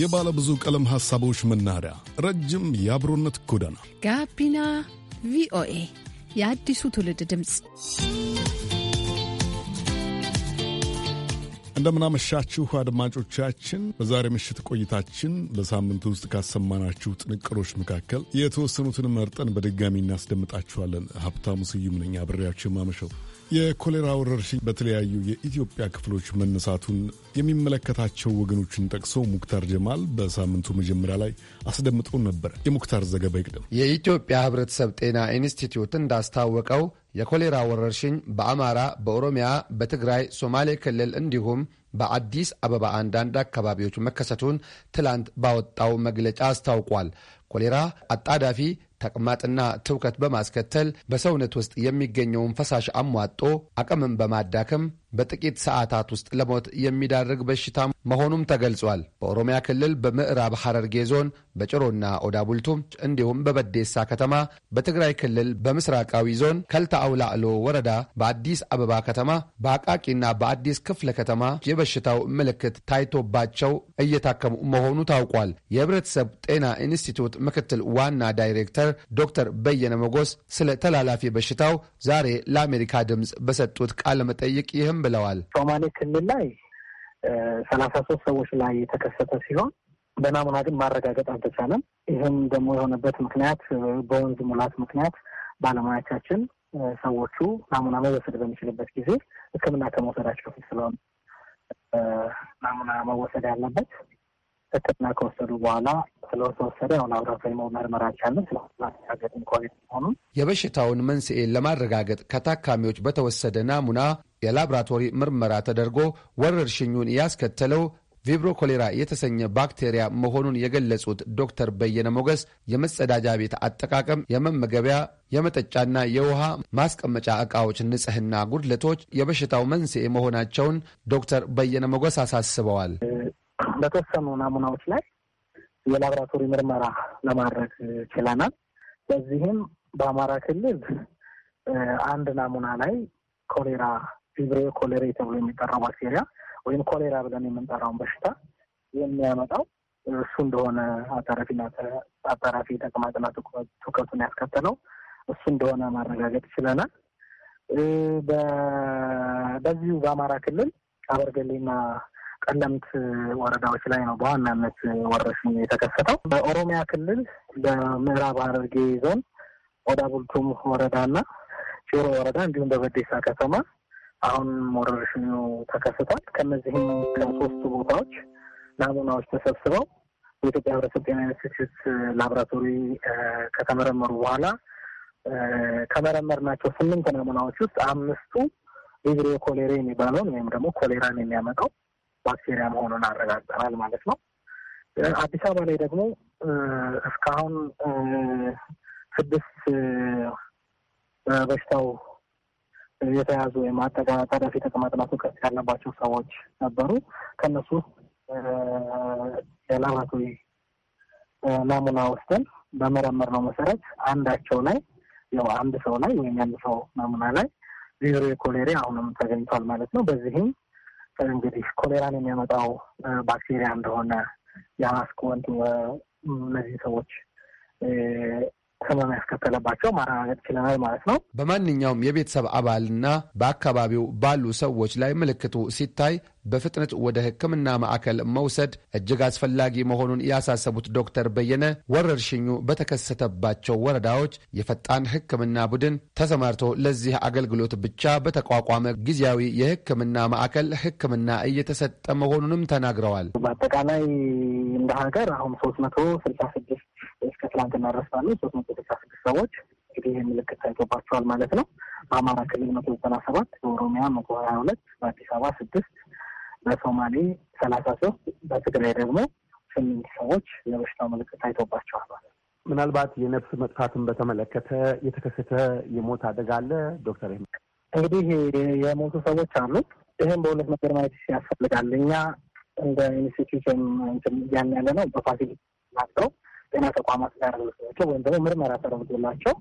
የባለ ብዙ ቀለም ሐሳቦች መናኸሪያ፣ ረጅም የአብሮነት ጎዳና ጋቢና ቪኦኤ የአዲሱ ትውልድ ድምፅ። እንደምናመሻችሁ አድማጮቻችን። በዛሬ ምሽት ቆይታችን በሳምንት ውስጥ ካሰማናችሁ ጥንቅሮች መካከል የተወሰኑትን መርጠን በድጋሚ እናስደምጣችኋለን። ሀብታሙ ስዩም ነኝ አብሬያችሁ የማመሸው። የኮሌራ ወረርሽኝ በተለያዩ የኢትዮጵያ ክፍሎች መነሳቱን የሚመለከታቸው ወገኖችን ጠቅሶ ሙክታር ጀማል በሳምንቱ መጀመሪያ ላይ አስደምጠውን ነበር። የሙክታር ዘገባ ይቅድም። የኢትዮጵያ ሕብረተሰብ ጤና ኢንስቲትዩት እንዳስታወቀው የኮሌራ ወረርሽኝ በአማራ፣ በኦሮሚያ፣ በትግራይ፣ ሶማሌ ክልል እንዲሁም በአዲስ አበባ አንዳንድ አካባቢዎች መከሰቱን ትላንት ባወጣው መግለጫ አስታውቋል። ኮሌራ አጣዳፊ ተቅማጥና ትውከት በማስከተል በሰውነት ውስጥ የሚገኘውን ፈሳሽ አሟጦ አቅምን በማዳከም በጥቂት ሰዓታት ውስጥ ለሞት የሚዳርግ በሽታ መሆኑም ተገልጿል። በኦሮሚያ ክልል በምዕራብ ሐረርጌ ዞን በጭሮና ኦዳቡልቱም፣ እንዲሁም በበዴሳ ከተማ፣ በትግራይ ክልል በምስራቃዊ ዞን ከልታ አውላዕሎ ወረዳ፣ በአዲስ አበባ ከተማ፣ በአቃቂና በአዲስ ክፍለ ከተማ የበሽታው ምልክት ታይቶባቸው እየታከሙ መሆኑ ታውቋል። የህብረተሰብ ጤና ኢንስቲትዩት ምክትል ዋና ዳይሬክተር ዶክተር በየነ መጎስ ስለ ተላላፊ በሽታው ዛሬ ለአሜሪካ ድምፅ በሰጡት ቃለ መጠይቅ ይህም አይደለም ብለዋል። ሶማሌ ክልል ላይ ሰላሳ ሶስት ሰዎች ላይ የተከሰተ ሲሆን በናሙና ግን ማረጋገጥ አልተቻለም። ይህም ደግሞ የሆነበት ምክንያት በወንዝ ሙላት ምክንያት ባለሙያቻችን ሰዎቹ ናሙና መወሰድ በሚችልበት ጊዜ ሕክምና ከመውሰዳቸው በፊት ስለሆነ ናሙና መወሰድ ያለበት ሕክምና ከወሰዱ በኋላ ስለተወሰደ አሁን አብራሪ መመርመር አልቻለም። ስለማረጋገጥ ኮቪድ መሆኑን የበሽታውን መንስኤ ለማረጋገጥ ከታካሚዎች በተወሰደ ናሙና የላብራቶሪ ምርመራ ተደርጎ ወረርሽኙን ያስከተለው ቪብሮ ኮሌራ የተሰኘ ባክቴሪያ መሆኑን የገለጹት ዶክተር በየነ ሞገስ የመጸዳጃ ቤት አጠቃቀም፣ የመመገቢያ የመጠጫና የውሃ ማስቀመጫ እቃዎች ንጽህና ጉድለቶች የበሽታው መንስኤ መሆናቸውን ዶክተር በየነ ሞገስ አሳስበዋል። በተወሰኑ ናሙናዎች ላይ የላብራቶሪ ምርመራ ለማድረግ ችለናል። በዚህም በአማራ ክልል አንድ ናሙና ላይ ኮሌራ ፊብሬ ኮሌሬ ተብሎ የሚጠራው ባክቴሪያ ወይም ኮሌራ ብለን የምንጠራውን በሽታ የሚያመጣው እሱ እንደሆነ አጣራፊና አጣራፊ ተቅማጥና ትውከቱን ያስከተለው እሱ እንደሆነ ማረጋገጥ ችለናል። በዚሁ በአማራ ክልል አበርገሌና ቀለምት ወረዳዎች ላይ ነው በዋናነት ወረርሽኙ የተከሰተው። በኦሮሚያ ክልል በምዕራብ ሐረርጌ ዞን ኦዳ ቡልቱም ወረዳና ጭሮ ወረዳ እንዲሁም በበዴሳ ከተማ አሁን ወረርሽኙ ተከስቷል። ከነዚህም ከሶስቱ ቦታዎች ናሙናዎች ተሰብስበው የኢትዮጵያ ሕብረተሰብ ጤና ኢንስቲትዩት ላቦራቶሪ ከተመረመሩ በኋላ ከመረመር ናቸው ስምንት ናሙናዎች ውስጥ አምስቱ ቪብሪዮ ኮሌሬ የሚባለውን ወይም ደግሞ ኮሌራን የሚያመጣው ባክቴሪያ መሆኑን አረጋግጠናል ማለት ነው። አዲስ አበባ ላይ ደግሞ እስካሁን ስድስት በበሽታው የተያዙ ወይም አጠቃጠረፊ ተቅማጥና ትውከት ያለባቸው ሰዎች ነበሩ። ከእነሱ የላቦራቶሪ ናሙና ወስደን በመረመር ነው መሰረት አንዳቸው ላይ ያው አንድ ሰው ላይ ወይም አንድ ሰው ናሙና ላይ ዜሮ ኮሌሪ አሁንም ተገኝቷል ማለት ነው። በዚህም እንግዲህ ኮሌራን የሚያመጣው ባክቴሪያ እንደሆነ የማስክ ወንድ እነዚህ ሰዎች ህመም ያስከተለባቸው ማረጋገጥ ችለናል ማለት ነው። በማንኛውም የቤተሰብ አባልና በአካባቢው ባሉ ሰዎች ላይ ምልክቱ ሲታይ በፍጥነት ወደ ሕክምና ማዕከል መውሰድ እጅግ አስፈላጊ መሆኑን ያሳሰቡት ዶክተር በየነ ወረርሽኙ በተከሰተባቸው ወረዳዎች የፈጣን ሕክምና ቡድን ተሰማርቶ ለዚህ አገልግሎት ብቻ በተቋቋመ ጊዜያዊ የሕክምና ማዕከል ሕክምና እየተሰጠ መሆኑንም ተናግረዋል። በአጠቃላይ እንደ ሀገር አሁን ሶስት መቶ ስልሳ ስድስት ትላንትና ድረስ ባሉ ሶስት መቶ ስልሳ ስድስት ሰዎች እንግዲህ ይህ ምልክት ታይቶባቸዋል ማለት ነው። በአማራ ክልል መቶ ዘጠና ሰባት በኦሮሚያ መቶ ሀያ ሁለት በአዲስ አበባ ስድስት በሶማሌ ሰላሳ ሶስት በትግራይ ደግሞ ስምንት ሰዎች የበሽታው ምልክት ታይቶባቸዋል ማለት ነው። ምናልባት የነፍስ መጥፋትን በተመለከተ የተከሰተ የሞት አደጋ አለ ዶክተር? እንግዲህ የሞቱ ሰዎች አሉ። ይህም በሁለት ነገር ማየት ያስፈልጋል። እኛ እንደ ኢንስቲትዩሽን ያን ያለ ነው በፋሲል ናቸው ጤና ተቋማት ጋር ተወስዳቸው ወይም ደግሞ ምርመራ ተደርጎላቸው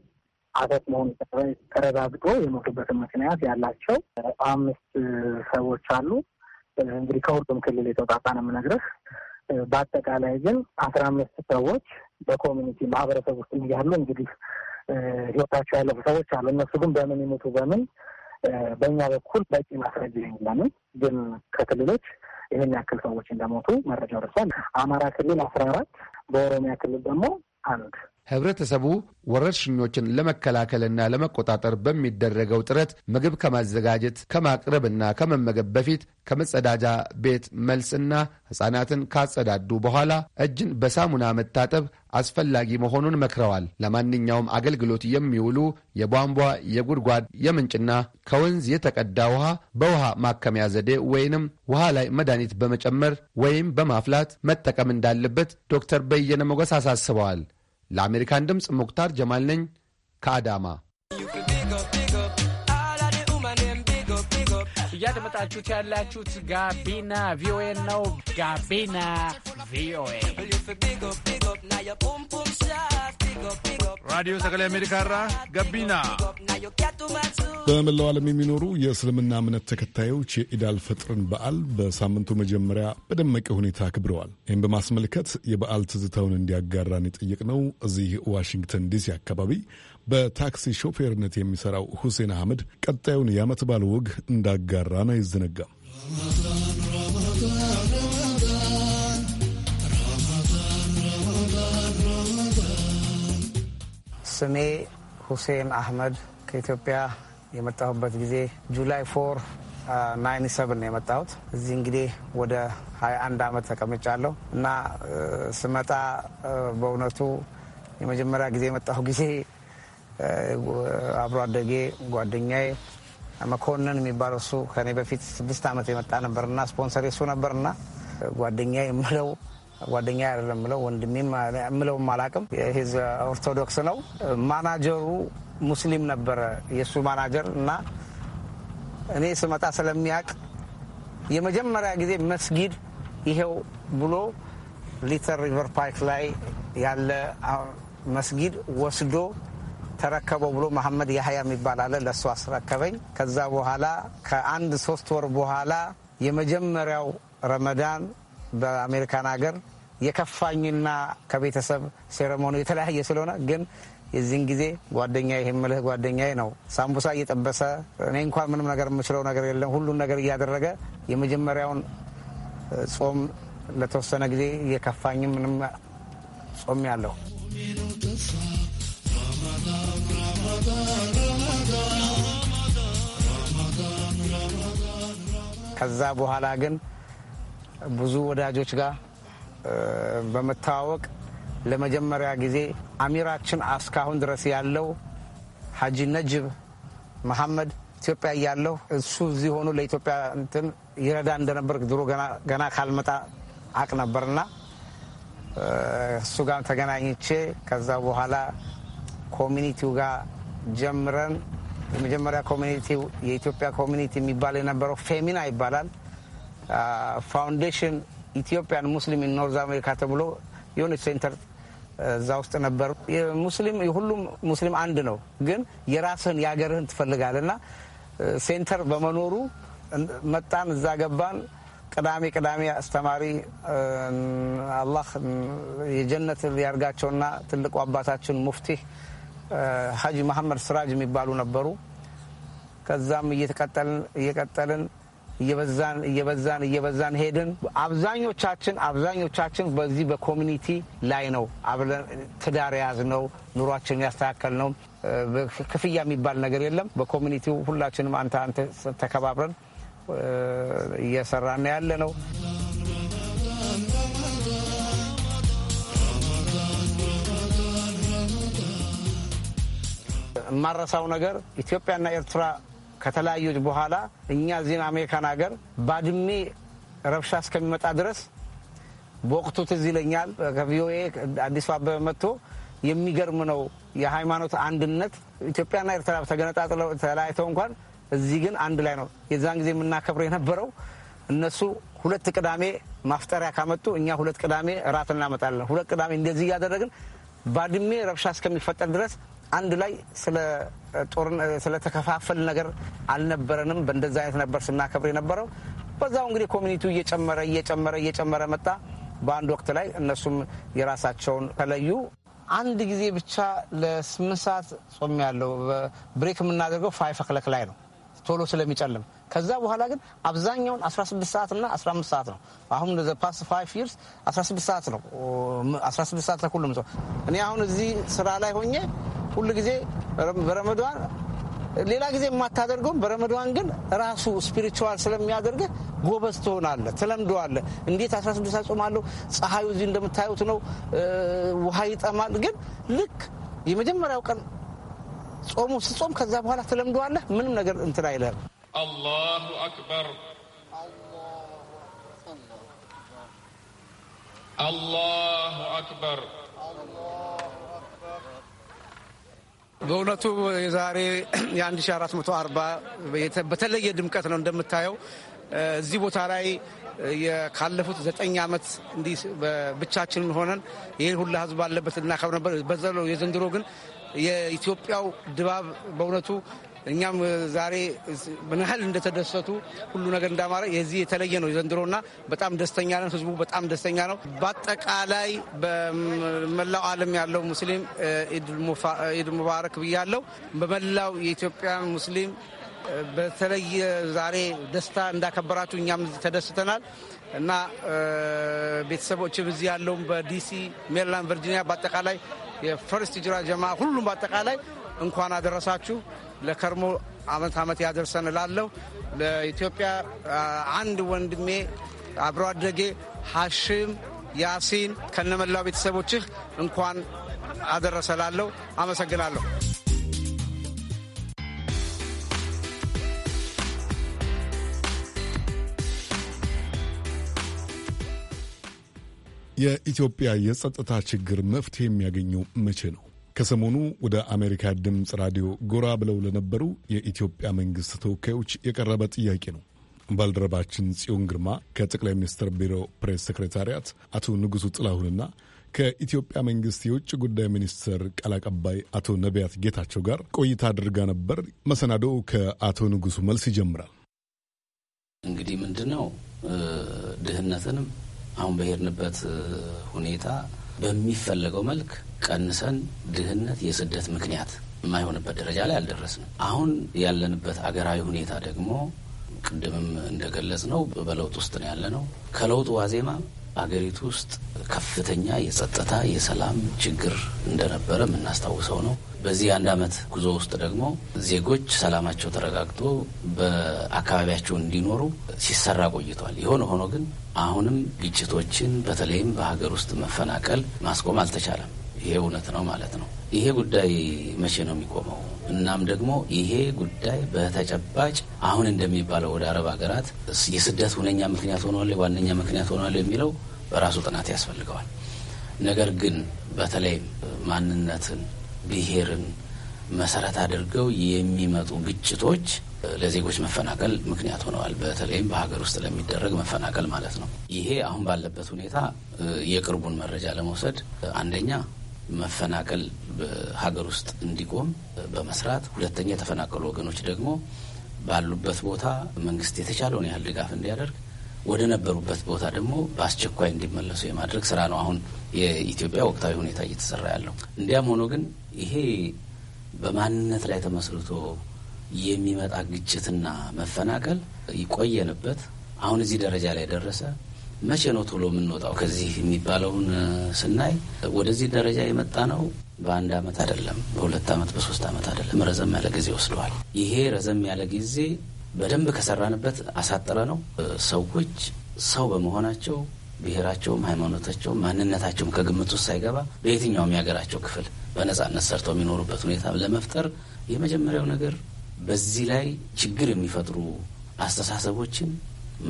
አተት መሆኑ ተረጋግጦ የሞቱበትን ምክንያት ያላቸው አምስት ሰዎች አሉ። እንግዲህ ከሁሉም ክልል የተውጣጣ ነው የምነግርህ። በአጠቃላይ ግን አስራ አምስት ሰዎች በኮሚኒቲ ማህበረሰብ ውስጥ እያሉ እንግዲህ ህይወታቸው ያለፉ ሰዎች አሉ። እነሱ ግን በምን ይሞቱ በምን በእኛ በኩል በቂ ማስረጃ የለንም። ግን ከክልሎች ይህን ያክል ሰዎች እንደሞቱ መረጃው ደርሷል። አማራ ክልል አስራ አራት በኦሮሚያ ክልል ደግሞ አንድ ህብረተሰቡ ወረርሽኞችን ለመከላከልና ለመቆጣጠር በሚደረገው ጥረት ምግብ ከማዘጋጀት ከማቅረብና ከመመገብ በፊት ከመጸዳጃ ቤት መልስና ሕፃናትን ካጸዳዱ በኋላ እጅን በሳሙና መታጠብ አስፈላጊ መሆኑን መክረዋል። ለማንኛውም አገልግሎት የሚውሉ የቧንቧ፣ የጉድጓድ፣ የምንጭና ከወንዝ የተቀዳ ውሃ በውሃ ማከሚያ ዘዴ ወይንም ውሃ ላይ መድኃኒት በመጨመር ወይም በማፍላት መጠቀም እንዳለበት ዶክተር በየነ ሞገስ አሳስበዋል። ለአሜሪካን ድምፅ ሙክታር ጀማል ነኝ ከአዳማ። እያደመጣችሁት ያላችሁት ጋቢና ቪኦኤ ነው። ጋቢና ቪኦኤ ራዲዮ አሜሪካ ራ ጋቢና በመላው ዓለም የሚኖሩ የእስልምና እምነት ተከታዮች የኢዳል ፈጥርን በዓል በሳምንቱ መጀመሪያ በደመቀ ሁኔታ አክብረዋል። ይህም በማስመልከት የበዓል ትዝታውን እንዲያጋራን የጠየቅነው እዚህ ዋሽንግተን ዲሲ አካባቢ በታክሲ ሾፌርነት የሚሰራው ሁሴን አህመድ ቀጣዩን የአመት ባል ወግ እንዳጋራን አይዘነጋም። ስሜ ሁሴን አህመድ ከኢትዮጵያ የመጣሁበት ጊዜ ጁላይ ፎር ናይን የመጣሁት እዚህ እንግዲህ ወደ 21 ዓመት ተቀምጫለሁ እና ስመጣ በእውነቱ የመጀመሪያ ጊዜ የመጣሁ ጊዜ አብሮ አደጌ ጓደኛዬ መኮንን የሚባል እሱ ከኔ በፊት ስድስት ዓመት የመጣ ነበርና ስፖንሰር እሱ ነበርና ጓደኛ የምለው ጓደኛ አይደለም ምለው ወንድሜ ምለውም አላቅም። ዝ ኦርቶዶክስ ነው። ማናጀሩ ሙስሊም ነበረ የእሱ ማናጀር እና እኔ ስመጣ ስለሚያውቅ የመጀመሪያ ጊዜ መስጊድ ይሄው ብሎ ሊተር ሪቨር ፓርክ ላይ ያለ መስጊድ ወስዶ ተረከበው ብሎ መሐመድ ያህያ የሚባል አለ ለእሱ አስረከበኝ። ከዛ በኋላ ከአንድ ሶስት ወር በኋላ የመጀመሪያው ረመዳን በአሜሪካን ሀገር የከፋኝና ከቤተሰብ ሴረሞኒ የተለያየ ስለሆነ ግን የዚህን ጊዜ ጓደኛ ይህ ምልህ ጓደኛዬ ነው ሳምቡሳ እየጠበሰ እኔ እንኳን ምንም ነገር የምችለው ነገር የለም ሁሉን ነገር እያደረገ የመጀመሪያውን ጾም ለተወሰነ ጊዜ የከፋኝ ምንም ጾም ያለው ከዛ በኋላ ግን ብዙ ወዳጆች ጋር በመተዋወቅ ለመጀመሪያ ጊዜ አሚራችን እስካሁን ድረስ ያለው ሀጂ ነጅብ መሐመድ ኢትዮጵያ እያለሁ እሱ እዚህ ሆኖ ለኢትዮጵያ እንትን ይረዳ እንደነበር ድሮ ገና ካልመጣ አቅ ነበርና እሱ ጋር ተገናኝቼ ከዛ በኋላ ኮሚኒቲው ጋር ጀምረን የመጀመሪያ ኮሚኒቲ የኢትዮጵያ ኮሚኒቲ የሚባል የነበረው ፌሚና ይባላል። ፋውንዴሽን ኢትዮጵያን ሙስሊም ኖርዝ አሜሪካ ተብሎ የሆነ ሴንተር እዛ ውስጥ ነበር። ሙስሊም ሁሉም ሙስሊም አንድ ነው፣ ግን የራስህን የሀገርህን ትፈልጋለህ እና ሴንተር በመኖሩ መጣን፣ እዛ ገባን። ቅዳሜ ቅዳሜ አስተማሪ አላህ የጀነት ያርጋቸውና ትልቁ አባታችን ሙፍቲህ ሀጂ መሐመድ ስራጅ የሚባሉ ነበሩ። ከዛም እየቀጠልን እየበዛን እየበዛን እየበዛን ሄድን። አብዛኞቻችን አብዛኞቻችን በዚህ በኮሚኒቲ ላይ ነው አብረን ትዳር የያዝ ነው ያስተካከል ነው። ክፍያ የሚባል ነገር የለም። በኮሚኒቲው ሁላችንም አንተ አንተ ተከባብረን እየሰራን ያለ ነው። የማረሳው ነገር ኢትዮጵያና ኤርትራ ከተለያዩች በኋላ እኛ እዚህም አሜሪካን ሀገር ባድሜ ረብሻ እስከሚመጣ ድረስ በወቅቱ ትዝ ይለኛል ከቪኦኤ አዲሱ አበበ መጥቶ የሚገርም ነው የሃይማኖት አንድነት ኢትዮጵያና ኤርትራ ተገነጣጥለው ተለያይተው እንኳን እዚህ ግን አንድ ላይ ነው። የዛን ጊዜ የምናከብረው የነበረው እነሱ ሁለት ቅዳሜ ማፍጠሪያ ካመጡ እኛ ሁለት ቅዳሜ እራት እናመጣለን። ሁለት ቅዳሜ እንደዚህ እያደረግን ባድሜ ረብሻ እስከሚፈጠር ድረስ አንድ ላይ ስለተከፋፈል ነገር አልነበረንም። በእንደዛ አይነት ነበር ስናከብር የነበረው። በዛው እንግዲህ ኮሚኒቲው እየጨመረ እየጨመረ እየጨመረ መጣ። በአንድ ወቅት ላይ እነሱም የራሳቸውን ተለዩ። አንድ ጊዜ ብቻ ለስምንት ሰዓት ጾም ያለው ብሬክ የምናደርገው ፋይፍ አክለክ ላይ ነው ቶሎ ስለሚጨልም። ከዛ በኋላ ግን አብዛኛውን 16 ሰዓት እና 15 ሰዓት ነው። አሁን ፓስ ፋይቭ ይርስ 16 ሰዓት ነው። 16 ሰዓት ተኩል ነው። እኔ አሁን እዚህ ስራ ላይ ሆኜ ሁሉ ጊዜ በረመዷን ሌላ ጊዜ የማታደርገውም በረመዷን ግን ራሱ ስፒሪቹዋል ስለሚያደርገ ጎበዝ ትሆናለ ትለምደዋለህ። እንዴት 16 አጾማለሁ፣ ፀሐዩ እዚህ እንደምታዩት ነው፣ ውሃ ይጠማል። ግን ልክ የመጀመሪያው ቀን ጾሙ ስጾም ከዛ በኋላ ትለምደዋለህ። ምንም ነገር እንትን አክበር አላሁ አክበር አላሁ አክበር በእውነቱ የዛሬ የ1440 በተለየ ድምቀት ነው እንደምታየው እዚህ ቦታ ላይ ካለፉት ዘጠኝ ዓመት እንዲህ ብቻችንን ሆነን ይህን ሁላ ህዝብ ባለበት እናከብር ነበር። በዘለው የዘንድሮ ግን የኢትዮጵያው ድባብ በእውነቱ እኛም ዛሬ ምን ያህል እንደተደሰቱ ሁሉ ነገር እንዳማረ የዚህ የተለየ ነው ዘንድሮና በጣም ደስተኛ ነን። ህዝቡ በጣም ደስተኛ ነው። በአጠቃላይ በመላው ዓለም ያለው ሙስሊም ኢድ ሙባረክ ብያለው። በመላው የኢትዮጵያ ሙስሊም በተለየ ዛሬ ደስታ እንዳከበራችሁ እኛም ተደስተናል እና ቤተሰቦችም እዚህ ያለውም በዲሲ ሜሪላንድ፣ ቨርጂኒያ በአጠቃላይ የፈርስት ጅራ ጀማ ሁሉም በአጠቃላይ እንኳን አደረሳችሁ። ለከርሞ አመት አመት ያደርሰን ላለው ለኢትዮጵያ አንድ ወንድሜ አብሮ አደጌ ሐሽም ያሲን ከነመላው ቤተሰቦችህ እንኳን አደረሰ ላለው አመሰግናለሁ። የኢትዮጵያ የጸጥታ ችግር መፍትሄ የሚያገኘው መቼ ነው? ከሰሞኑ ወደ አሜሪካ ድምፅ ራዲዮ ጎራ ብለው ለነበሩ የኢትዮጵያ መንግስት ተወካዮች የቀረበ ጥያቄ ነው። ባልደረባችን ጽዮን ግርማ ከጠቅላይ ሚኒስትር ቢሮ ፕሬስ ሴክሬታሪያት አቶ ንጉሱ ጥላሁንና ከኢትዮጵያ መንግስት የውጭ ጉዳይ ሚኒስትር ቃል አቀባይ አቶ ነቢያት ጌታቸው ጋር ቆይታ አድርጋ ነበር። መሰናዶው ከአቶ ንጉሱ መልስ ይጀምራል። እንግዲህ ምንድን ነው ድህነትንም አሁን በሄድንበት ሁኔታ በሚፈለገው መልክ ቀንሰን ድህነት የስደት ምክንያት የማይሆንበት ደረጃ ላይ አልደረስንም። አሁን ያለንበት አገራዊ ሁኔታ ደግሞ ቅድምም እንደገለጽ ነው በለውጥ ውስጥ ነው ያለ ነው። ከለውጡ ዋዜማ አገሪቱ ውስጥ ከፍተኛ የጸጥታ የሰላም ችግር እንደነበረ የምናስታውሰው ነው። በዚህ አንድ ዓመት ጉዞ ውስጥ ደግሞ ዜጎች ሰላማቸው ተረጋግጦ በአካባቢያቸው እንዲኖሩ ሲሰራ ቆይቷል። የሆነ ሆኖ ግን አሁንም ግጭቶችን በተለይም በሀገር ውስጥ መፈናቀል ማስቆም አልተቻለም። ይሄ እውነት ነው ማለት ነው። ይሄ ጉዳይ መቼ ነው የሚቆመው? እናም ደግሞ ይሄ ጉዳይ በተጨባጭ አሁን እንደሚባለው ወደ አረብ ሀገራት የስደት ሁነኛ ምክንያት ሆኗል፣ ዋነኛ ምክንያት ሆኗል የሚለው በራሱ ጥናት ያስፈልገዋል። ነገር ግን በተለይ ማንነትን፣ ብሔርን መሰረት አድርገው የሚመጡ ግጭቶች ለዜጎች መፈናቀል ምክንያት ሆነዋል። በተለይም በሀገር ውስጥ ለሚደረግ መፈናቀል ማለት ነው። ይሄ አሁን ባለበት ሁኔታ የቅርቡን መረጃ ለመውሰድ አንደኛ መፈናቀል በሀገር ውስጥ እንዲቆም በመስራት ሁለተኛ የተፈናቀሉ ወገኖች ደግሞ ባሉበት ቦታ መንግስት የተቻለውን ያህል ድጋፍ እንዲያደርግ ወደ ነበሩበት ቦታ ደግሞ በአስቸኳይ እንዲመለሱ የማድረግ ስራ ነው አሁን የኢትዮጵያ ወቅታዊ ሁኔታ እየተሰራ ያለው። እንዲያም ሆኖ ግን ይሄ በማንነት ላይ ተመስርቶ የሚመጣ ግጭትና መፈናቀል ይቆየንበት አሁን እዚህ ደረጃ ላይ ደረሰ መቼ ነው ቶሎ የምንወጣው ከዚህ የሚባለውን ስናይ ወደዚህ ደረጃ የመጣ ነው በአንድ ዓመት አይደለም፣ በሁለት ዓመት፣ በሶስት ዓመት አይደለም። ረዘም ያለ ጊዜ ወስደዋል። ይሄ ረዘም ያለ ጊዜ በደንብ ከሰራንበት አሳጠረ ነው። ሰዎች ሰው በመሆናቸው ብሔራቸውም፣ ሃይማኖታቸውም፣ ማንነታቸውም ከግምት ውስጥ ሳይገባ በየትኛውም የሀገራቸው ክፍል በነጻነት ሰርተው የሚኖሩበት ሁኔታ ለመፍጠር የመጀመሪያው ነገር በዚህ ላይ ችግር የሚፈጥሩ አስተሳሰቦችን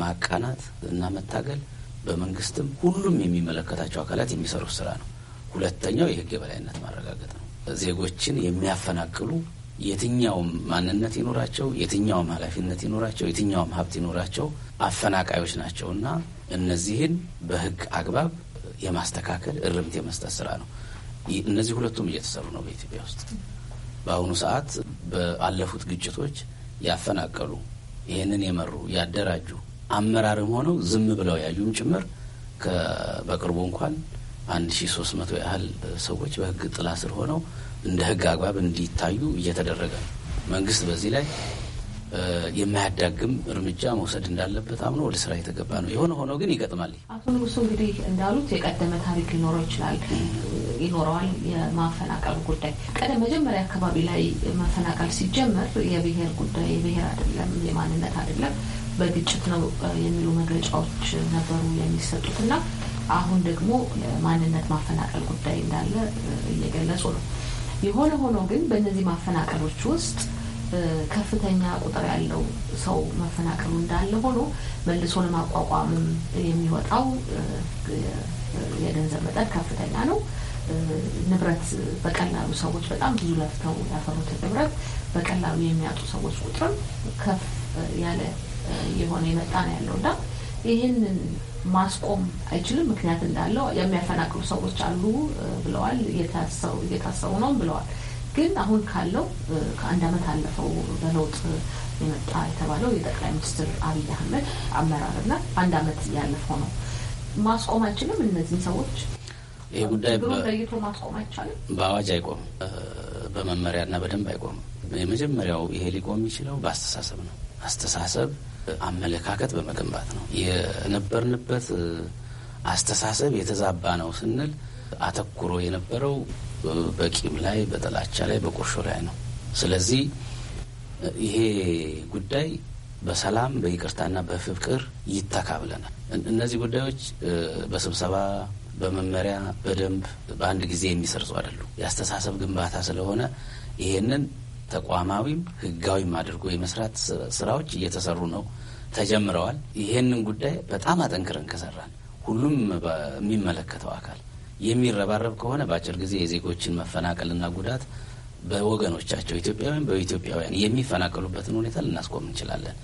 ማቃናት እና መታገል በመንግስትም ሁሉም የሚመለከታቸው አካላት የሚሰሩት ስራ ነው። ሁለተኛው የህግ የበላይነት ማረጋገጥ ነው። ዜጎችን የሚያፈናቅሉ የትኛውም ማንነት ይኖራቸው፣ የትኛውም ኃላፊነት ይኖራቸው፣ የትኛውም ሀብት ይኖራቸው አፈናቃዮች ናቸውና እነዚህን በህግ አግባብ የማስተካከል እርምት የመስጠት ስራ ነው። እነዚህ ሁለቱም እየተሰሩ ነው በኢትዮጵያ ውስጥ በአሁኑ ሰዓት። በአለፉት ግጭቶች ያፈናቀሉ፣ ይህንን የመሩ ያደራጁ አመራርም ሆነው ዝም ብለው ያዩም ጭምር በቅርቡ እንኳን አንድ ሺ ሶስት መቶ ያህል ሰዎች በህግ ጥላ ስር ሆነው እንደ ህግ አግባብ እንዲታዩ እየተደረገ ነው። መንግስት በዚህ ላይ የማያዳግም እርምጃ መውሰድ እንዳለበት አምኖ ወደ ስራ የተገባ ነው። የሆነ ሆኖ ግን ይገጥማል። አቶ ንጉሱ እንግዲህ እንዳሉት የቀደመ ታሪክ ሊኖረው ይችላል ይኖረዋል። የማፈናቀሉ ጉዳይ ቀደም መጀመሪያ አካባቢ ላይ መፈናቀል ሲጀመር የብሄር ጉዳይ የብሄር አይደለም የማንነት አይደለም በግጭት ነው የሚሉ መግለጫዎች ነበሩ የሚሰጡትና አሁን ደግሞ የማንነት ማፈናቀል ጉዳይ እንዳለ እየገለጹ ነው። የሆነ ሆኖ ግን በእነዚህ ማፈናቀሎች ውስጥ ከፍተኛ ቁጥር ያለው ሰው መፈናቀሉ እንዳለ ሆኖ መልሶ ለማቋቋምም የሚወጣው የገንዘብ መጠን ከፍተኛ ነው። ንብረት በቀላሉ ሰዎች በጣም ብዙ ለፍተው ያፈሩትን ንብረት በቀላሉ የሚያጡ ሰዎች ቁጥርም ከፍ ያለ እየሆነ የመጣ ነው ያለው እና ይህንን ማስቆም አይችልም። ምክንያት እንዳለው የሚያፈናቅሉ ሰዎች አሉ ብለዋል፣ እየታሰቡ ነው ብለዋል። ግን አሁን ካለው ከአንድ አመት አለፈው በለውጥ የመጣ የተባለው የጠቅላይ ሚኒስትር አብይ አህመድ አመራርና አንድ አመት ያለፈው ነው። ማስቆም አይችልም እነዚህን ሰዎች ይህ ጉዳይ ለይቶ ማስቆም አይቻልም። በአዋጅ አይቆም፣ በመመሪያና በደንብ አይቆም። የመጀመሪያው ይሄ ሊቆም የሚችለው በአስተሳሰብ ነው። አስተሳሰብ አመለካከት በመገንባት ነው። የነበርንበት አስተሳሰብ የተዛባ ነው ስንል አተኩሮ የነበረው በቂም ላይ፣ በጥላቻ ላይ፣ በቁርሾ ላይ ነው። ስለዚህ ይሄ ጉዳይ በሰላም በይቅርታና በፍቅር ይተካ ብለናል። እነዚህ ጉዳዮች በስብሰባ በመመሪያ በደንብ በአንድ ጊዜ የሚሰርጹ አይደሉም። የአስተሳሰብ ግንባታ ስለሆነ ይሄንን ተቋማዊም ህጋዊም አድርጎ የመስራት ስራዎች እየተሰሩ ነው። ተጀምረዋል። ይህንን ጉዳይ በጣም አጠንክረን ከሰራን ሁሉም የሚመለከተው አካል የሚረባረብ ከሆነ በአጭር ጊዜ የዜጎችን መፈናቀልና ጉዳት በወገኖቻቸው ኢትዮጵያውያን በኢትዮጵያውያን የሚፈናቀሉበትን ሁኔታ ልናስቆም እንችላለን።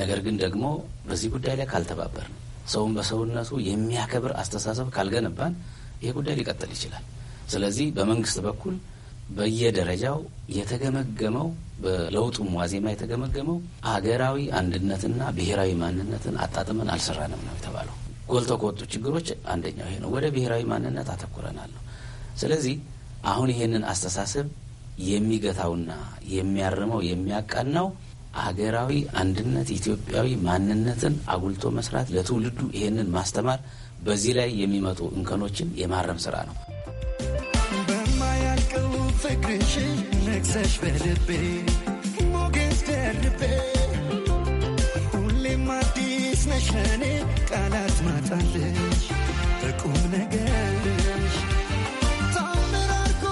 ነገር ግን ደግሞ በዚህ ጉዳይ ላይ ካልተባበርን፣ ሰውን በሰውነቱ የሚያከብር አስተሳሰብ ካልገነባን ይህ ጉዳይ ሊቀጥል ይችላል። ስለዚህ በመንግስት በኩል በየደረጃው የተገመገመው በለውጡም ዋዜማ የተገመገመው አገራዊ አንድነትና ብሔራዊ ማንነትን አጣጥመን አልሰራንም ነው የተባለው። ጎልተው ከወጡ ችግሮች አንደኛው ይሄ ነው። ወደ ብሔራዊ ማንነት አተኩረናል ነው። ስለዚህ አሁን ይሄንን አስተሳሰብ የሚገታውና የሚያርመው የሚያቃናው አገራዊ አንድነት፣ ኢትዮጵያዊ ማንነትን አጉልቶ መስራት፣ ለትውልዱ ይሄንን ማስተማር፣ በዚህ ላይ የሚመጡ እንከኖችን የማረም ስራ ነው። ፍቅርሽን ነግሰሽ በልቤ ሞገስ ደርቤ ሁሌም አዲስ ነሸኔ ቃላት ማጣለሽ በቁም ነገርሽ ታምር አድርጎ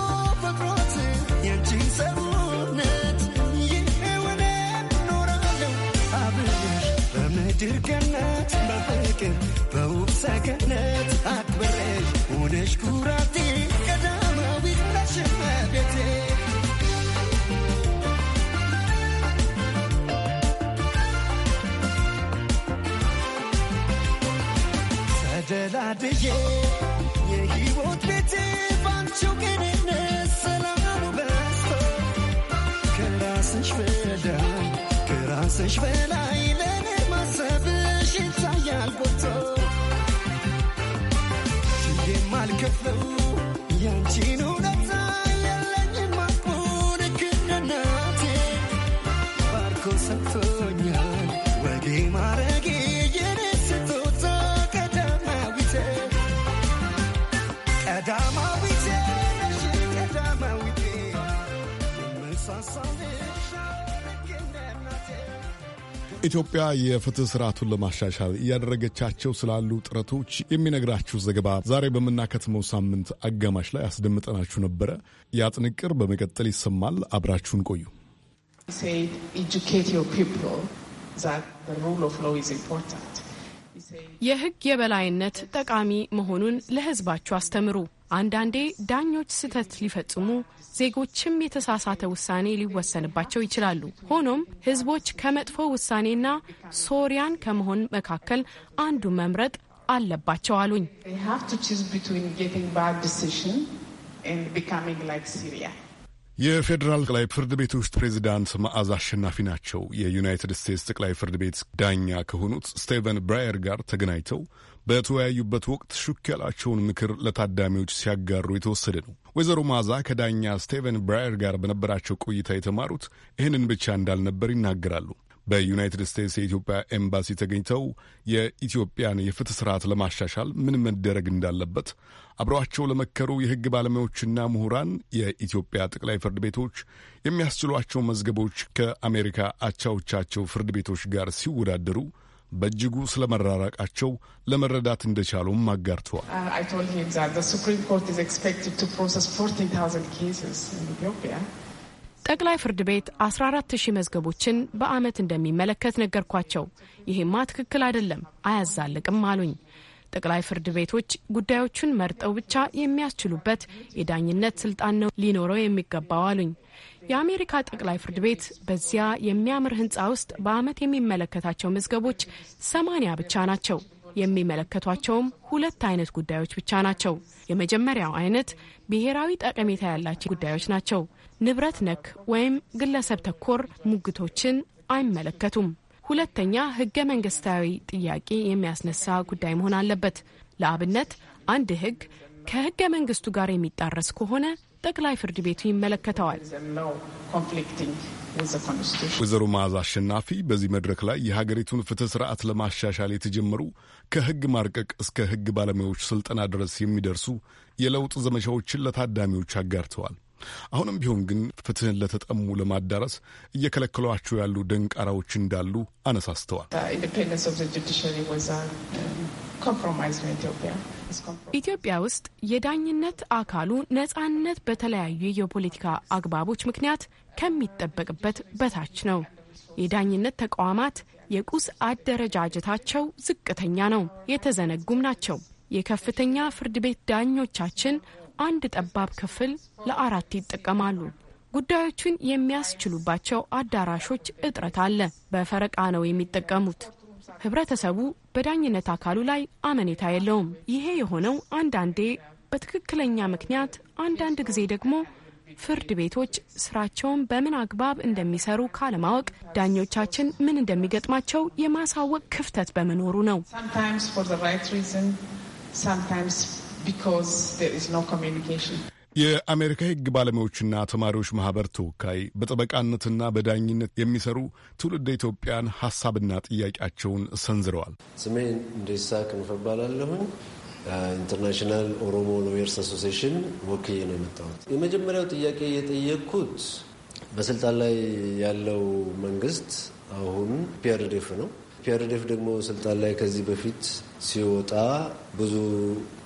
ፈጥሮት ያንቺን ሰውነት ይሄውነ ኖራለሁ አብረሽ በምድር በፍቅር በውብ ሰገነት አክብረሽ ሆነሽ ኩራ ተላድዬ የሕይወት ቤቴ ባንቺው ቅንነት ሰላሙ በስቶ በላይ ከራስሽ በላይ ኢትዮጵያ የፍትህ ስርዓቱን ለማሻሻል እያደረገቻቸው ስላሉ ጥረቶች የሚነግራችሁ ዘገባ ዛሬ በምናከትመው ሳምንት አጋማሽ ላይ አስደምጠናችሁ ነበረ። ያ ጥንቅር በመቀጠል ይሰማል። አብራችሁን ቆዩ። የህግ የበላይነት ጠቃሚ መሆኑን ለህዝባችሁ አስተምሩ። አንዳንዴ ዳኞች ስህተት ሊፈጽሙ፣ ዜጎችም የተሳሳተ ውሳኔ ሊወሰንባቸው ይችላሉ። ሆኖም ህዝቦች ከመጥፎ ውሳኔና ሶሪያን ከመሆን መካከል አንዱ መምረጥ አለባቸው አሉኝ። የፌዴራል ጠቅላይ ፍርድ ቤት ውስጥ ፕሬዚዳንት መዓዛ አሸናፊ ናቸው የዩናይትድ ስቴትስ ጠቅላይ ፍርድ ቤት ዳኛ ከሆኑት ስቴቨን ብራየር ጋር ተገናኝተው በተወያዩበት ወቅት ሹክ ያላቸውን ምክር ለታዳሚዎች ሲያጋሩ የተወሰደ ነው። ወይዘሮ ማዛ ከዳኛ ስቴቨን ብራየር ጋር በነበራቸው ቆይታ የተማሩት ይህንን ብቻ እንዳልነበር ይናገራሉ። በዩናይትድ ስቴትስ የኢትዮጵያ ኤምባሲ ተገኝተው የኢትዮጵያን የፍትህ ስርዓት ለማሻሻል ምን መደረግ እንዳለበት አብረዋቸው ለመከሩ የህግ ባለሙያዎችና ምሁራን የኢትዮጵያ ጠቅላይ ፍርድ ቤቶች የሚያስችሏቸው መዝገቦች ከአሜሪካ አቻዎቻቸው ፍርድ ቤቶች ጋር ሲወዳደሩ በእጅጉ ስለመራራቃቸው ለመረዳት እንደቻሉም አጋርተዋል። uh, ጠቅላይ ፍርድ ቤት 14,000 መዝገቦችን በዓመት እንደሚመለከት ነገርኳቸው። ይሄማ ትክክል አይደለም፣ አያዛልቅም አሉኝ። ጠቅላይ ፍርድ ቤቶች ጉዳዮቹን መርጠው ብቻ የሚያስችሉበት የዳኝነት ስልጣን ነው ሊኖረው የሚገባው አሉኝ። የአሜሪካ ጠቅላይ ፍርድ ቤት በዚያ የሚያምር ህንፃ ውስጥ በአመት የሚመለከታቸው መዝገቦች ሰማንያ ብቻ ናቸው። የሚመለከቷቸውም ሁለት አይነት ጉዳዮች ብቻ ናቸው። የመጀመሪያው አይነት ብሔራዊ ጠቀሜታ ያላቸው ጉዳዮች ናቸው። ንብረት ነክ ወይም ግለሰብ ተኮር ሙግቶችን አይመለከቱም። ሁለተኛ ህገ መንግስታዊ ጥያቄ የሚያስነሳ ጉዳይ መሆን አለበት። ለአብነት አንድ ህግ ከህገ መንግስቱ ጋር የሚጣረስ ከሆነ ጠቅላይ ፍርድ ቤቱ ይመለከተዋል። ወይዘሮ መዓዛ አሸናፊ በዚህ መድረክ ላይ የሀገሪቱን ፍትህ ስርዓት ለማሻሻል የተጀመሩ ከህግ ማርቀቅ እስከ ህግ ባለሙያዎች ስልጠና ድረስ የሚደርሱ የለውጥ ዘመቻዎችን ለታዳሚዎች አጋርተዋል። አሁንም ቢሆን ግን ፍትህን ለተጠሙ ለማዳረስ እየከለከሏቸው ያሉ ደንቃራዎች እንዳሉ አነሳስተዋል። ኢትዮጵያ ውስጥ የዳኝነት አካሉ ነጻነት በተለያዩ የፖለቲካ አግባቦች ምክንያት ከሚጠበቅበት በታች ነው። የዳኝነት ተቋማት የቁስ አደረጃጀታቸው ዝቅተኛ ነው፣ የተዘነጉም ናቸው። የከፍተኛ ፍርድ ቤት ዳኞቻችን አንድ ጠባብ ክፍል ለአራት ይጠቀማሉ። ጉዳዮቹን የሚያስችሉባቸው አዳራሾች እጥረት አለ። በፈረቃ ነው የሚጠቀሙት። ህብረተሰቡ በዳኝነት አካሉ ላይ አመኔታ የለውም። ይሄ የሆነው አንዳንዴ በትክክለኛ ምክንያት፣ አንዳንድ ጊዜ ደግሞ ፍርድ ቤቶች ስራቸውን በምን አግባብ እንደሚሰሩ ካለማወቅ ዳኞቻችን ምን እንደሚገጥማቸው የማሳወቅ ክፍተት በመኖሩ ነው። የአሜሪካ የሕግ ባለሙያዎችና ተማሪዎች ማህበር ተወካይ በጠበቃነትና በዳኝነት የሚሰሩ ትውልደ ኢትዮጵያን ሀሳብና ጥያቄያቸውን ሰንዝረዋል። ስሜ እንዴሳክ ክንፈ እባላለሁኝ። ኢንተርናሽናል ኦሮሞ ሎየርስ አሶሲሽን ወክዬ ነው የመጣሁት። የመጀመሪያው ጥያቄ የጠየቅኩት በስልጣን ላይ ያለው መንግስት አሁን ፒያርዴፍ ነው። ፒያርዴፍ ደግሞ ስልጣን ላይ ከዚህ በፊት ሲወጣ ብዙ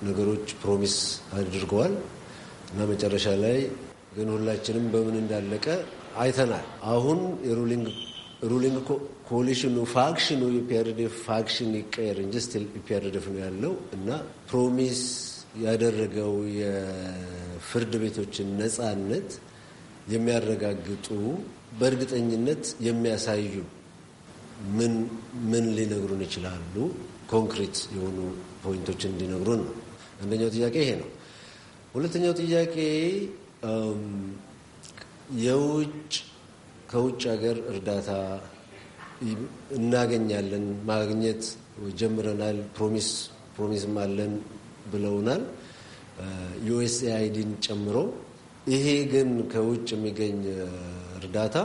ነገሮች ፕሮሚስ አድርገዋል እና መጨረሻ ላይ ግን ሁላችንም በምን እንዳለቀ አይተናል። አሁን ሩሊንግ ኮሊሽኑ ፋክሽኑ ኢፒአርዲፍ ፋክሽን ይቀየር እንጂ ስቲል ኢፒአርዲፍ ነው ያለው እና ፕሮሚስ ያደረገው የፍርድ ቤቶችን ነፃነት የሚያረጋግጡ በእርግጠኝነት የሚያሳዩ ምን ምን ሊነግሩን ይችላሉ? ኮንክሪት የሆኑ ፖይንቶችን እንዲነግሩን ነው። አንደኛው ጥያቄ ይሄ ነው። ሁለተኛው ጥያቄ የውጭ ከውጭ ሀገር እርዳታ እናገኛለን ማግኘት ጀምረናል፣ ፕሮሚስ ፕሮሚስም አለን ብለውናል ዩኤስኤአይዲን ጨምሮ። ይሄ ግን ከውጭ የሚገኝ እርዳታ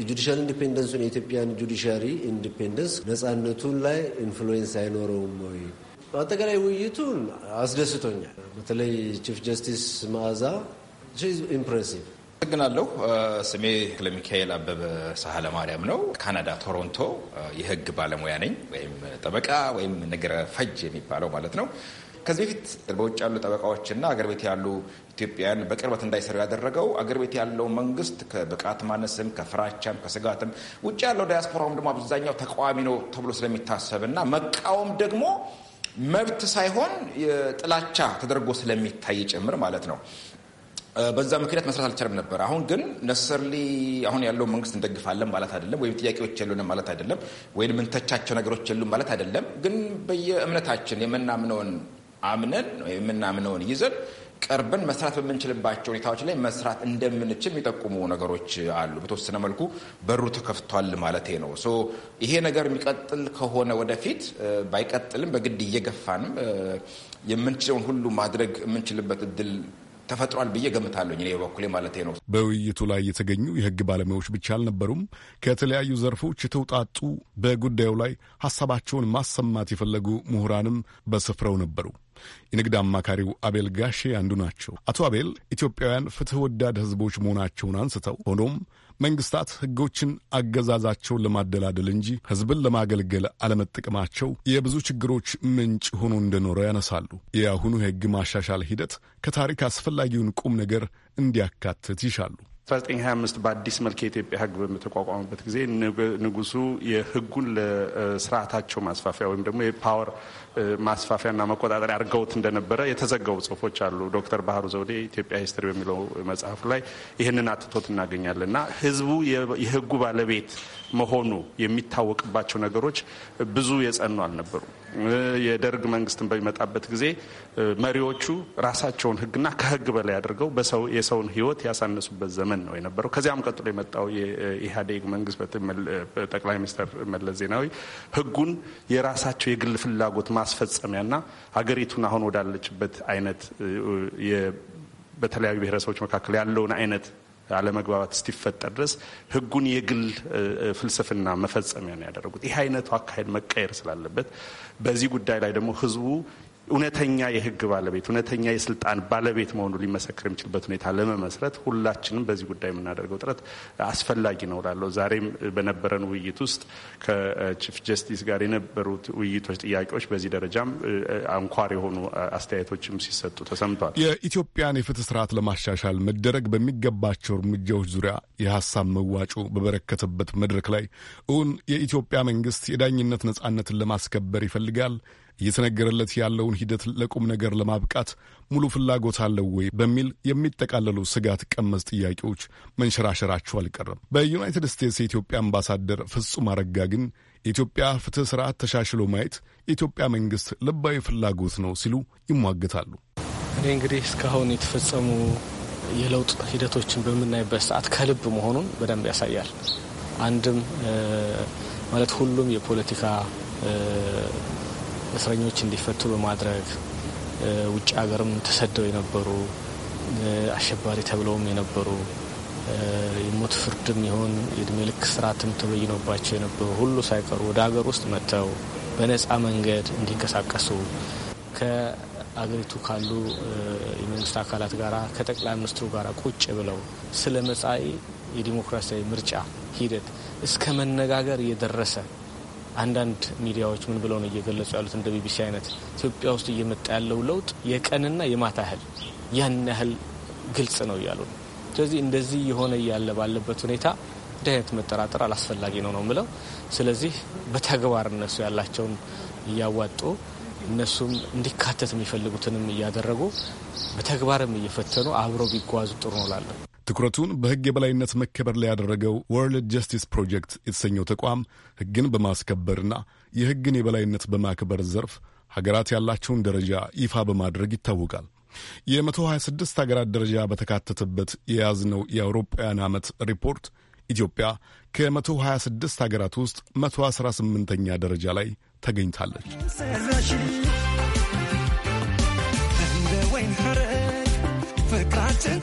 የጁዲሻል ኢንዲፔንደንሱን የኢትዮጵያን ጁዲሻሪ ኢንዲፔንደንስ ነፃነቱን ላይ ኢንፍሉዌንስ አይኖረውም ወይ? በአጠቃላይ ውይይቱን አስደስቶኛል። በተለይ ቺፍ ጀስቲስ መዓዛ ኢምፕሬሲቭ። አመሰግናለሁ። ስሜ ለሚካኤል አበበ ሳህለ ማርያም ነው። ካናዳ ቶሮንቶ የህግ ባለሙያ ነኝ፣ ወይም ጠበቃ ወይም ነገረ ፈጅ የሚባለው ማለት ነው። ከዚህ በፊት በውጭ ያሉ ጠበቃዎችና አገር ቤት ያሉ ኢትዮጵያውያን በቅርበት እንዳይሰሩ ያደረገው አገር ቤት ያለው መንግስት ከብቃት ማነስም ከፍራቻም ከስጋትም ውጭ ያለው ዲያስፖራውም ደግሞ አብዛኛው ተቃዋሚ ነው ተብሎ ስለሚታሰብ እና መቃወም ደግሞ መብት ሳይሆን ጥላቻ ተደርጎ ስለሚታይ ጭምር ማለት ነው። በዛ ምክንያት መስራት አልቻለም ነበር። አሁን ግን ነሰርሊ አሁን ያለው መንግስት እንደግፋለን ማለት አይደለም፣ ወይም ጥያቄዎች የሉንም ማለት አይደለም፣ ወይም የምንተቻቸው ነገሮች የሉም ማለት አይደለም። ግን በየእምነታችን የምናምነውን አምነን የምናምነውን ይዘን ቀርበን መስራት በምንችልባቸው ሁኔታዎች ላይ መስራት እንደምንችል የሚጠቁሙ ነገሮች አሉ። በተወሰነ መልኩ በሩ ተከፍቷል ማለት ነው። ሶ ይሄ ነገር የሚቀጥል ከሆነ ወደፊት ባይቀጥልም በግድ እየገፋንም የምንችለውን ሁሉ ማድረግ የምንችልበት እድል ተፈጥሯል ብዬ ገምታለሁ። እኔ በበኩሌ ማለት ነው። በውይይቱ ላይ የተገኙ የህግ ባለሙያዎች ብቻ አልነበሩም። ከተለያዩ ዘርፎች የተውጣጡ በጉዳዩ ላይ ሀሳባቸውን ማሰማት የፈለጉ ምሁራንም በስፍራው ነበሩ። የንግድ አማካሪው አቤል ጋሼ አንዱ ናቸው። አቶ አቤል ኢትዮጵያውያን ፍትህ ወዳድ ህዝቦች መሆናቸውን አንስተው ሆኖም መንግስታት ህጎችን አገዛዛቸውን ለማደላደል እንጂ ህዝብን ለማገልገል አለመጠቀማቸው የብዙ ችግሮች ምንጭ ሆኖ እንደኖረ ያነሳሉ። የአሁኑ የህግ ማሻሻል ሂደት ከታሪክ አስፈላጊውን ቁም ነገር እንዲያካትት ይሻሉ። 1925 በአዲስ መልክ የኢትዮጵያ ህግ በምተቋቋመበት ጊዜ ንጉሱ የህጉን ለስርዓታቸው ማስፋፊያ ወይም ደግሞ የፓወር ማስፋፊያና መቆጣጠሪያ አድርገውት እንደነበረ የተዘገቡ ጽሁፎች አሉ። ዶክተር ባህሩ ዘውዴ ኢትዮጵያ ሂስትሪ በሚለው መጽሐፍ ላይ ይህንን አትቶት እናገኛለን እና ህዝቡ የህጉ ባለቤት መሆኑ የሚታወቅባቸው ነገሮች ብዙ የጸኑ አልነበሩ። የደርግ መንግስትን በሚመጣበት ጊዜ መሪዎቹ ራሳቸውን ህግና ከህግ በላይ አድርገው የሰውን ህይወት ያሳነሱበት ዘመን ነው የነበረው። ከዚያም ቀጥሎ የመጣው የኢህአዴግ መንግስት ጠቅላይ ሚኒስትር መለስ ዜናዊ ህጉን የራሳቸው የግል ፍላጎት ማ ማስፈጸሚያና ሀገሪቱን አሁን ወዳለችበት አይነት በተለያዩ ብሔረሰቦች መካከል ያለውን አይነት አለመግባባት እስቲፈጠር ድረስ ህጉን የግል ፍልስፍና መፈጸሚያ ነው ያደረጉት። ይህ አይነቱ አካሄድ መቀየር ስላለበት በዚህ ጉዳይ ላይ ደግሞ ህዝቡ እውነተኛ የህግ ባለቤት እውነተኛ የስልጣን ባለቤት መሆኑ ሊመሰክር የሚችልበት ሁኔታ ለመመስረት ሁላችንም በዚህ ጉዳይ የምናደርገው ጥረት አስፈላጊ ነው ላለው ዛሬም በነበረን ውይይት ውስጥ ከቺፍ ጀስቲስ ጋር የነበሩት ውይይቶች፣ ጥያቄዎች በዚህ ደረጃም አንኳር የሆኑ አስተያየቶችም ሲሰጡ ተሰምተዋል። የኢትዮጵያን የፍትህ ስርዓት ለማሻሻል መደረግ በሚገባቸው እርምጃዎች ዙሪያ የሀሳብ መዋጮ በበረከተበት መድረክ ላይ እውን የኢትዮጵያ መንግስት የዳኝነት ነጻነትን ለማስከበር ይፈልጋል እየተነገረለት ያለውን ሂደት ለቁም ነገር ለማብቃት ሙሉ ፍላጎት አለው ወይ በሚል የሚጠቃለሉ ስጋት ቀመስ ጥያቄዎች መንሸራሸራቸው አልቀረም። በዩናይትድ ስቴትስ የኢትዮጵያ አምባሳደር ፍጹም አረጋ ግን የኢትዮጵያ ፍትህ ስርዓት ተሻሽሎ ማየት የኢትዮጵያ መንግስት ልባዊ ፍላጎት ነው ሲሉ ይሟግታሉ። እኔ እንግዲህ እስካሁን የተፈጸሙ የለውጥ ሂደቶችን በምናይበት ሰዓት ከልብ መሆኑን በደንብ ያሳያል። አንድም ማለት ሁሉም የፖለቲካ እስረኞች እንዲፈቱ በማድረግ ውጭ ሀገርም ተሰደው የነበሩ አሸባሪ ተብለውም የነበሩ የሞት ፍርድም ይሁን የእድሜ ልክ ስርዓትም ተበይኖባቸው የነበሩ ሁሉ ሳይቀሩ ወደ ሀገር ውስጥ መጥተው በነፃ መንገድ እንዲንቀሳቀሱ ከአገሪቱ ካሉ የመንግስት አካላት ጋር ከጠቅላይ ሚኒስትሩ ጋር ቁጭ ብለው ስለ መጻኢ የዲሞክራሲያዊ ምርጫ ሂደት እስከ መነጋገር እየደረሰ አንዳንድ ሚዲያዎች ምን ብለው ነው እየገለጹ ያሉት? እንደ ቢቢሲ አይነት ኢትዮጵያ ውስጥ እየመጣ ያለው ለውጥ የቀንና የማታ ያህል ያን ያህል ግልጽ ነው እያሉ ነው። ስለዚህ እንደዚህ የሆነ እያለ ባለበት ሁኔታ እንዲህ አይነት መጠራጠር አላስፈላጊ ነው ነው የምለው። ስለዚህ በተግባር እነሱ ያላቸውን እያዋጡ እነሱም እንዲካተት የሚፈልጉትንም እያደረጉ በተግባርም እየፈተኑ አብረው ቢጓዙ ጥሩ ነው ላለን ትኩረቱን በሕግ የበላይነት መከበር ላይ ያደረገው ወርልድ ጀስቲስ ፕሮጀክት የተሰኘው ተቋም ሕግን በማስከበርና የሕግን የበላይነት በማክበር ዘርፍ ሀገራት ያላቸውን ደረጃ ይፋ በማድረግ ይታወቃል። የ126 ሀገራት ደረጃ በተካተተበት የያዝነው የአውሮፓውያን ዓመት ሪፖርት ኢትዮጵያ ከ126 ሀገራት ውስጥ 118ኛ ደረጃ ላይ ተገኝታለች። ፍቅራችን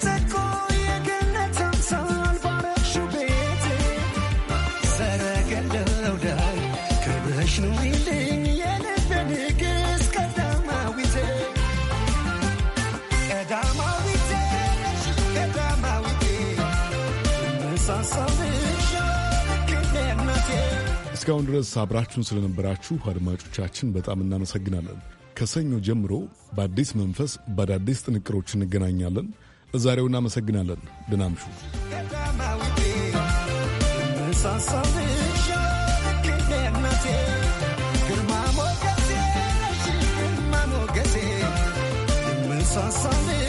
እስካሁን ድረስ አብራችሁን ስለነበራችሁ አድማጮቻችን በጣም እናመሰግናለን። ከሰኞ ጀምሮ በአዲስ መንፈስ በአዳዲስ ጥንቅሮች እንገናኛለን። ለዛሬው እናመሰግናለን። ደህና እምሹ። Sunday.